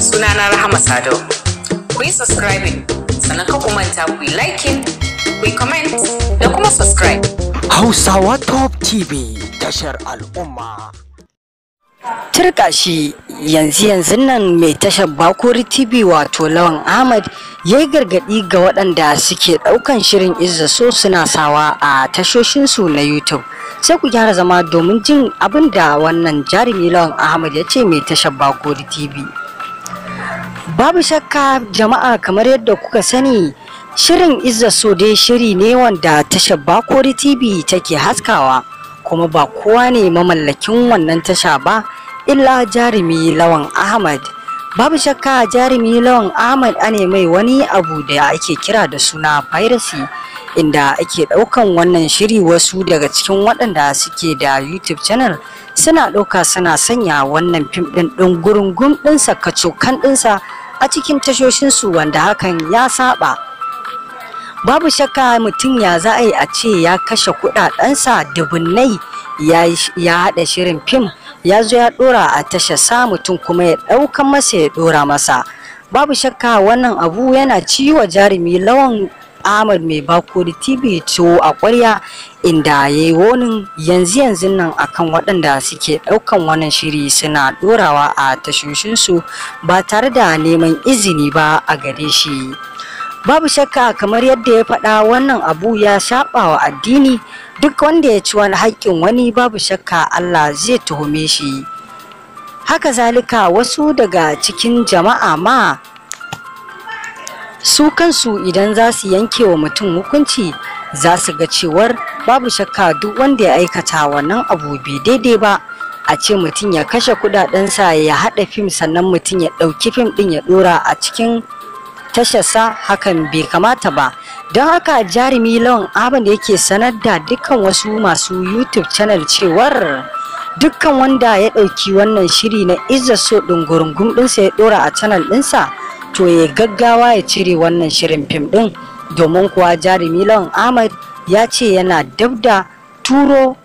sunana Rahama Sadau. Ku yi subscribing sannan ka kumanta ku yi liking, ku yi comment da kuma subscribe. Hausawa Top TV tashar al'umma. turkashi yanzu yanzu nan mai tashar Bakori TV wato Lawan Ahmad ya yi gargaɗi ga waɗanda suke ɗaukan shirin Izza so suna sawa a tashoshinsu na YouTube. Sai ku gyara zama domin jin abin da wannan jarumi Lawan Ahmad ya ce mai tashar Bakori TV. Babu shakka jama'a kamar yadda kuka sani shirin Izza Sode shiri ne wanda tashar Bakori TV take haskawa kuma ba kowa ne mamallakin wannan tasha ba illa jarumi Lawan Ahmad. Babu shakka jarumi Lawan Ahmad ane mai wani abu da ake kira da suna piracy. inda ake ɗaukan wannan shiri wasu daga cikin waɗanda suke da youtube channel suna ɗauka suna sanya wannan fim ɗin ɗin gurin gum ɗinsa kacokan ɗinsa a cikin tashoshinsu wanda hakan ya saba babu shakka mutum ya za a yi a ce ya kashe kuɗaɗensa dubunnai ya haɗa shirin fim ya zo ya ɗora a tashar sa mutum kuma ya ɗaukan masa ya ɗora masa babu shakka wannan abu yana ciwo jarumi lawan ahmad mai bako da tv to a ƙwarya, inda ya wonin yanzu yanzu nan akan waɗanda suke ɗaukan wannan shiri suna ɗorawa a tashoshinsu ba tare da neman izini ba a gare shi babu shakka kamar yadda ya faɗa wannan abu ya saba wa addini duk wanda ya ci wani haƙƙin wani babu shakka allah zai tuhume shi haka zalika wasu daga cikin jama'a ma su kansu idan za su yanke wa mutum hukunci za su ga cewar babu shakka duk wanda ya aikata wannan abu bai daidai ba a ce mutum ya kashe kudadensa ya haɗa fim sannan mutum ya ɗauki fim ɗin ya ɗora a cikin tasharsa hakan bai kamata ba don haka jarumi lawan abin da yake sanar da dukkan wasu masu youtube channel cewar dukkan wanda ya ɗauki wannan shiri na izza so ɗin gurungum ɗinsa ya ɗora a channel ɗinsa to ya gaggawa ya cire wannan shirin fim ɗin domin kuwa jarumi lawan ahmad ya ce yana dabda turo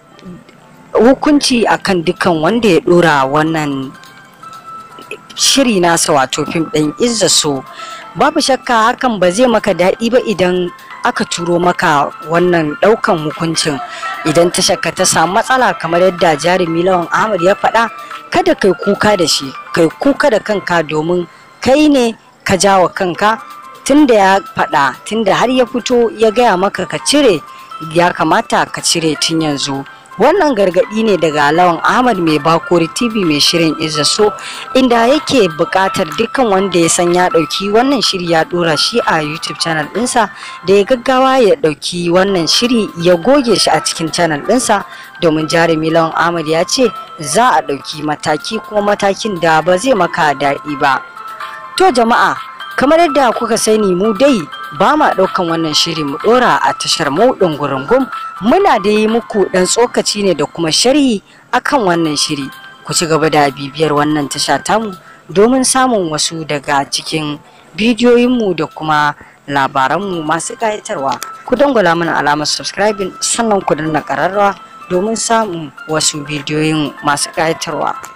hukunci akan dukkan wanda ya ɗora wannan shiri nasa wato fim ɗin izza so babu shakka hakan ba zai maka daɗi ba idan aka turo maka wannan ɗaukan hukuncin idan ta shakka ta samu matsala kamar yadda jarumi lawan ahmad ya faɗa kada kai kuka da shi kai kuka da kanka domin kai ne ka jawa kanka tun da ya faɗa da har ya fito ya gaya maka ka cire ya kamata ka cire tun yanzu wannan gargaɗi ne daga lawan ahmad mai bakori tv mai shirin so inda yake buƙatar dukkan wanda ya san ya ɗauki wannan shiri ya ɗora shi a youtube channel ɗinsa da ya gaggawa ya ɗauki wannan shiri ya goge shi a cikin channel ɗinsa domin jarumi lawan ahmad ya ce za a ɗauki mataki kuma matakin da ba zai maka daɗi ba To jama'a, kamar yadda kuka sani mu dai ba ma ɗaukan wannan shiri mu ɗora a tashar mu ɗungurungum muna da yi muku ɗan tsokaci ne da kuma sharhi akan wannan shiri. Ku ci gaba da bibiyar wannan tasha tamu domin samun wasu daga cikin bidiyoyinmu da kuma labaranmu masu ƙayatarwa. Ku dangwala mana alamar subscribing sannan ku danna ƙararrawa domin samun wasu bidiyoyin masu ƙayatarwa.